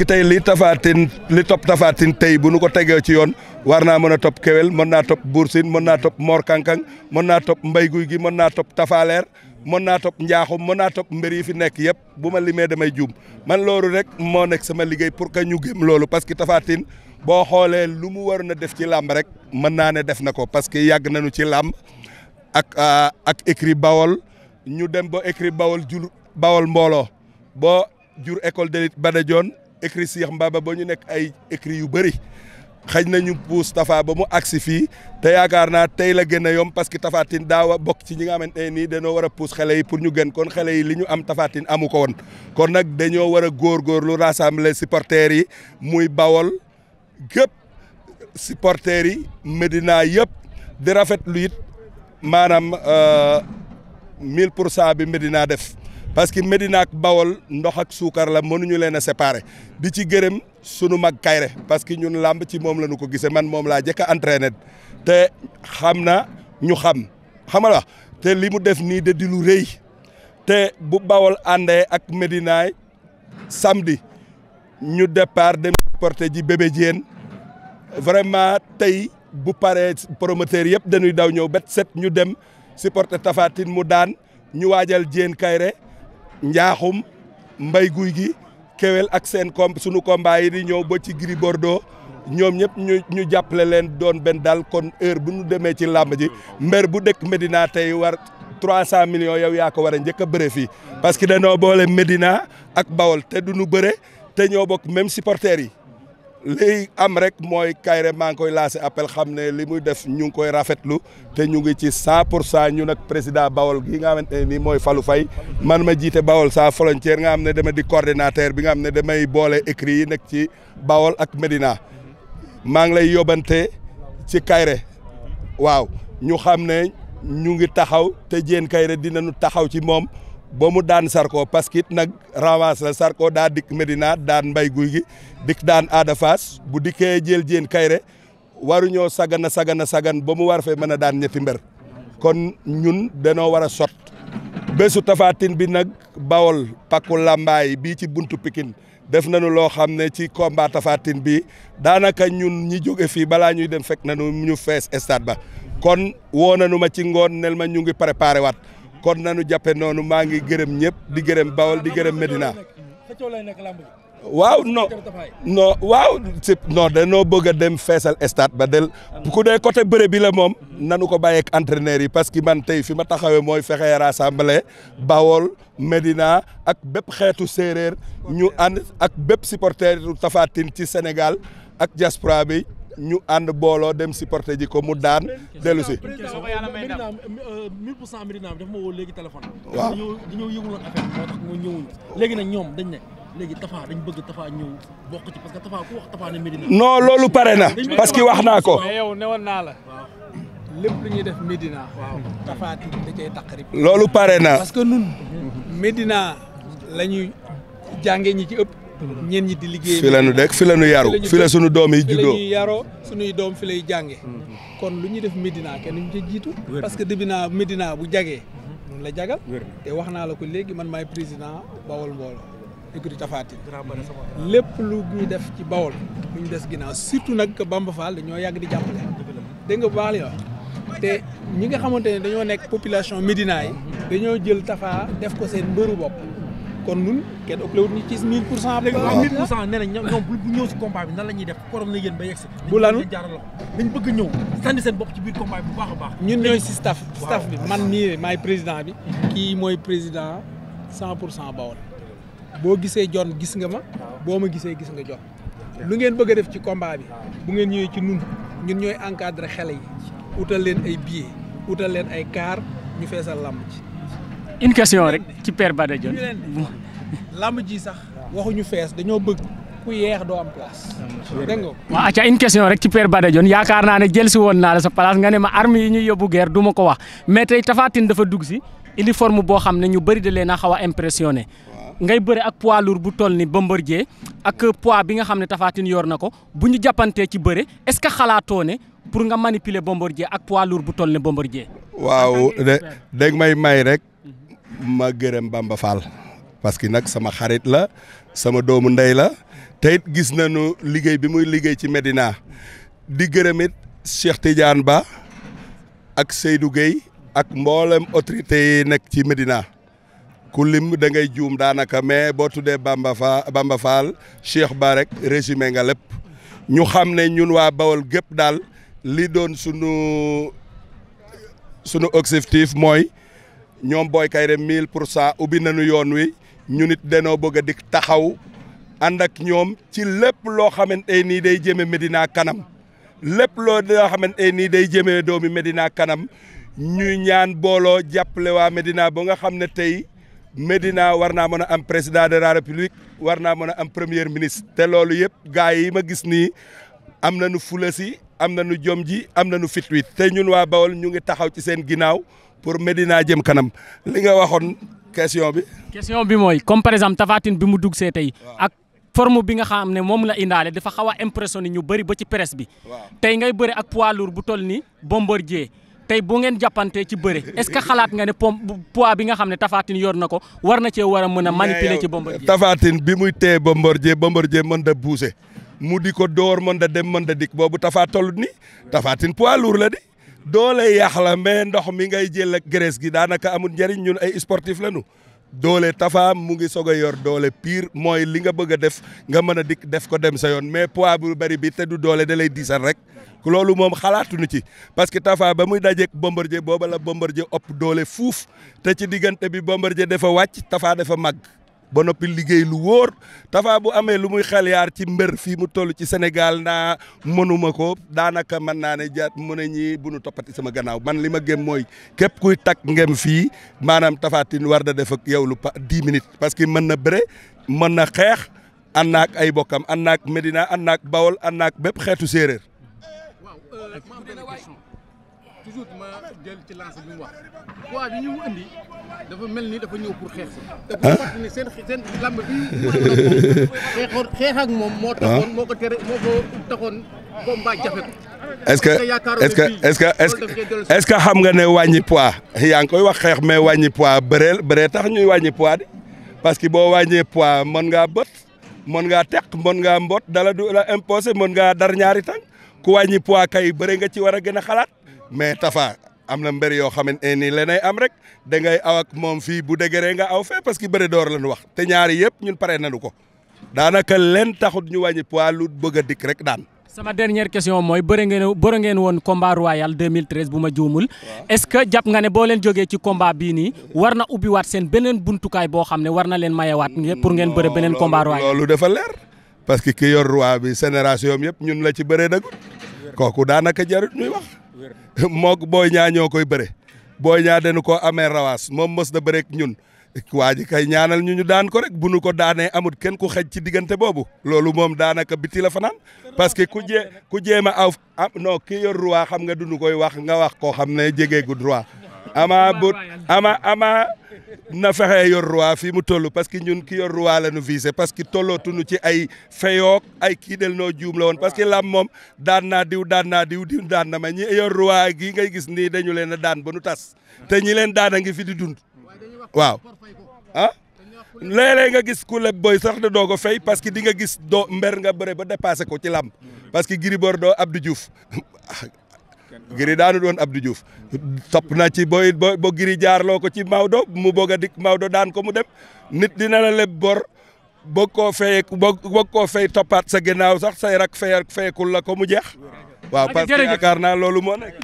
que tey li tafaatin li top tafaatin tey bu nu ko tegee ci yoon war naa mën a topp kewel mën naa topp bursin mën naa topp mor kankang mën naa topp mbay guy gi mën naa topp tafaaleer mën naa topp njaaxum mën naa topp mbir yi fi nekk yëpp bu ma limee damay juum man loolu rek moo nekk sama liggéey pour que ñu gëm loolu parce que tafaatin boo xoolee lu mu waroon a def ci làmb rek mën naa ne def na ko parce que yàgg nañu ci làmb ak euh, ak écrit bawol ñu dem ba écrit bawol jur bawol mbooloo boo jur école de lutte Badajon écrit Cheikh Mbaba ba ñu nekk ay écris yu bëri xaj nañu puus Tafa ba mu agsi fii te yaakaar naa tey la gën a yomb parce que Tafatine daaw a bokk ci ñi nga xamante ne nii dañoo war a puus xele yi pour ñu gën kon xele yi li ñu am Tafatine amu ko woon kon nag dañoo war a góorgóorlu rassembler supporters yi muy Bawol gépp supporters yi Medina yëpp di rafet lu it maanaam 1000 euh, pour cent bi Medina def. parce que Médina ak Bawol ndox ak suukar la mënuñu leen a séparer di ci gërëm sunu mag Kayre parce que ñun làmb ci moom la ñu ko gisee man moom laa jëkk a entraîné te xam na ñu xam xam nga te li mu def nii de di lu rëy te bu Bawol àndee ak Médina samedi ñu départ dem porté ji bébé Diène vraiment tey bu paree promoteur yëpp dañuy daw ñëw bet set ñu dem supporté Tapha Tine mu daan ñu waajal Diène Kayre njaaxum mbay guy gi kewel ak seen com sunu combat yi di ñëw ba ci Gris Bordeaux ñoom ñëpp ñu ñu jàppale leen doon benn daal kon heure bu ñu demee ci làmb ji mbër bu dëkk Medina tey war 300 millions yow yaa ko war a njëkk a bëre fii. parce que danoo boole Medina ak Bawol te du ñu bëre te ñoo bokk même supporters yi. li am rek mooy Kairé maa ngi koy lancé appel xam ne li muy def ñu ngi koy rafetlu te ñu ngi ci cent pour cent ñu nag président Bawol gi nga xamante ne nii mooy falu fay man ma jiite Bawol sans frontière nga xam ne dama di coordinateur bi nga xam ne damay boole écrit yi nekk ci Bawol ak Médina maa ngi lay yobante ci Kairé waaw ñu xam ne ñu ngi taxaw te jéen dina dinañu taxaw ci moom ba mu daan Sarko parce que it nag revanche la Sarko daa dikk Medina daan mbay guy gi dikk daan Ada bu dikkee jël jéen kayre waruñoo sagana sagana sagan ba mu war fee mën a daan ñetti mbër kon ñun danoo war a sot bésu tafaatin bi nag bawol pakku làmbaay bii ci buntu pikin def nañu loo xam ne ci combat tafaatin bi daanaka ñun ñi jóge fii balaa ñuy dem fekk nañu ñu fees stade ba kon woo nañu ma ci ngoon nel ma ñu ngi préparé waat kon nanu jàppe noonu maa ngi gërëm ñëpp di gërëm Bawol di gërëm Medina waaw non non waaw si non danoo bëgg a dem feesal stade ba del ku dee côté bëre bi la moom nanu ko bàyyeek entraîneur yi parce que man tey fi ma taxawee mooy fexe rassembler Bawol médina ak bépp xeetu séeréer ñu ànd ak bépp supporter Tapha Tine ci Sénégal ak diaspora bi ñu ànd booloo dem supporter ji ko mu daan dellu si. Euh, mille pour cent Médina bi dafa léegi téléphone. waaw dañoo dañoo yëgul woon nag ñoom dañ ne léegi Tapha dañ bëgg Tapha ñëw bokk ci parce que Tapha ku wax Tapha ne Médina. non loolu pare na parce que wax naa ko. mais yow newoon naa lépp lu def Médina. da cay taqari. loolu pare na parce que nun Médina la ñuy jàngee ñi ci ëpp. ñeen ñi di liggéey fi la ñu dëkk fi la ñu yaru fi la doom yi juddoo fi la ñuy yaroo suñuy doom fi lay jànge mm-hmm. kon lu ñuy def Médina kenn ñu ca jiitu parce que Médina Médina bu jagee ñun mm-hmm. la jagal te wax naa la ko léegi man may président Bawol mbooloo écurie Tapha Tine lépp lu ñuy def ci Bawol lu ñu des ginnaaw surtout nag Bamba Fall dañoo yàgg di jàppale dégg nga bu baax li wax te ñi nga xamante ne dañoo nekk population Médina yi mm-hmm. dañoo jël Tapha def ko seen mbëru bopp kon ñun kenn ëppalewut ñu ci 1000 pour cent. léegi waaw 1000 pour cent nee na ñoom bu ñëw si combat bi nan la ñuy def bu lanu dañ bëgg ñëw sànni seen bopp ci biir combat bi bu baax a baax. man mii maay président bi. kii mooy président 100 pour cent Bawol. boo gisee jon gis nga ma. boo ma gisee gis nga jon lu ngeen bëgg a def ci combat bi. bu ngeen ñëwee ci ñun ñun ñooy encadré xale yi. utal leen ay billets utal leen ay car ñu feesal làmb ci. une question rek ci Père Bada Dione. lamb ji sax waxuñu fees dañoo bëgg ku yeex doo am place. dégg une question rek ci Père Bada yaakaar naa ne jël si woon naa la sa place nga ne ma armes yi ñuy yóbbu geer duma ko wax mais tey Tapha Tine dafa dugg si uniforme boo xam ne ñu bëri da leen a xaw a impressionné. ngay bëre ak poids lourd bu toll ni Bombardier ak poids bi nga xam ne Tapha Tine yor na ko bu ñu jàppantee ci bëre est-ce que xalaatoo ne pour nga manipuler Bombardier ak poids lourd bu toll ni Bombardier. waaw de dégg may rek. Mhm. ma gërëm Bamba Fall parce que nag sama xarit la sama doomu ndey la te it gis nañu liggéey bi muy liggéey ci Medina di gërëmit it Cheikh Tidiane Ba ak Seydou Gueye ak mboolem autorité yi nekk ci Medina ku lim da ngay juum daanaka mais boo tuddee Bamba Fall Bamba Fall Cheikh Ba rek résumé nga lépp ñu xam ne ñun waa Bawol gépp daal li doon sunu sunu objectif mooy. ñoom Boy Kayré mille pour cent ubbi nañu yoon wi ñu nit danoo bëgg a dikk taxaw ànd ak ñoom ci lépp loo xamante nii day jëme Médina kanam lépp loo loo xamante nii day jëmee doomi Médina kanam ñuy ñaan booloo jàppale waa Médina ba nga xam ne tey Médina war naa mën a am président de la République war naa mën a am premier ministre te loolu yëpp gars yi ma gis nii am nañu fula si am nañu jom ji am nañu fit wi tey ñun waa Bawol ñu ngi taxaw ci seen ginnaaw pour Medina jëm kanam li nga waxoon question bi. question bi mooy comme par exemple Tapha bi mu dugg see tey. ak forme bi nga xam ne moom la indaale dafa xaw a impressionné ñu bëri ba ci presse bi. tey ngay bëri ak poids lourd bu toll ni Bombardier tey boo ngeen jàppante ci bëre est-ce que xalaat nga ne pom poids bi nga xam ne Tapha Tine na ko war na cee war a mën a manipuler ci Bombardier. Tapha Tine bi muy téye Bombardier Bombardier mën da bousee mu di ko door mën da dem mën da dikk boobu Tapha toll nii Tapha Tine poids doole yaax la mais ndox mi ngay jël ak graisse gi daanaka amul njëriñ ñun ay sportif lañu doole Tapha mu ngi soog a yor doole pire mooy li nga bëgg a def nga mën a dikk def ko dem sa yoon mais poids bu bari bi te du doole da lay diisal rek loolu moom xalaatuñu ci parce que Tapha ba muy dajeeg Bombardier booba la Bombardier ëpp doole fuuf te ci diggante bi Bombardier dafa wàcc Tapha dafa màgg. ba noppi liggéey lu wóor Tapha bu amee lu muy yaar ci mbër fii mu toll ci Sénégal naa mënuma ko daanaka mën naa ne jaat mën a bu nu toppati sama gannaaw man li ma gëm mooy képp kuy takk ngem fii maanaam Tapha Tine war da def ak yow lu pa dix minutes parce que mën na bëre mën na xeex ànd ak ay bokkam ànd ak Medina ànd ak Bawol ànd ak bépp xeetu séeréer. toujours ma jël ci lance bi mu wax mel ni dafa ñëw pour xeex que ah. est-ce que est-ce que est que xam nga ne wàññi poids yaa ngi koy wax xeex mais wàññi poids bëreel bëree tax ñuy wàññi poids de parce que boo wàññee poids mën ngaa bët mën ngaa teq mën ngaa mboot dala du la imposé mën ngaa dar ñaari tànk ku wàññi poids kay bëre nga ci war a gën a xalaat. mais Tafa am na mbër yoo xamante ni lenay am rek da ngay aw ak moom fii bu dëgëree nga aw fee parce que bëri door la ñu wax te ñaari yëpp ñun pare nañu ko daanaka leen taxut ñu wàññi poids lu bëgg a dikk rek daan. sama dernière question mooy bëre ngeen bëre ngeen woon combat royal 2013 bu ma juumul. est-ce que jàpp nga ne boo leen jógee ci combat bii nii war na ubbiwaat seen beneen buntukaay boo xam ne war na leen mayewaat. pour ngeen bëre beneen combat royal. loolu dafa leer que ki yor roi bi génération yëpp ñun la ci bëree dëgg kooku daanaka jarut mook booy ñaa ñoo koy bëre booy ñaa dañu ko amee rawaas moom mës na bëreek ñun waa ji kay ñaanal ñu ñu daan ko rek bu nu ko daanee amut kenn ku xej ci diggante boobu loolu moom daanaka biti la fanaan parce que ku jee ku jéem a aw ah, non kii yor roi xam nga duñu koy wax nga wax koo xam ne jegeegul roi ama bu ama ama na fexe yor roi fii mu toll parce que ñun ki yor roi la nu visé parce que tollootuñu ci ay feyook ay kii del noo juum la woon parce que lam moom daan naa diw daan naa diw di daan na ma ñi yor roi gi ngay gis nii dañu leen a daan ba nu tas te ñi leen daan a ngi fi di dund waaw ah léeg nga gis ku leb boy sax da doo ko fay parce que di nga gis doo mber nga bëre ba dépassé ko ci lam parce que Gris Bordeaux Abdou Diouf giri daanu doon Abdou Diouf topp na ci booy bo giri jaarloo ko ci Maodo mu bëgg a dikk Maodo daan ko mu dem nit dina la leb bor bëgg koo fay bëgg ko fay toppaat sa ginnaaw sax say rak fay fayekul la ko mu jeex waaw parce que yaakaar loolu moo nekk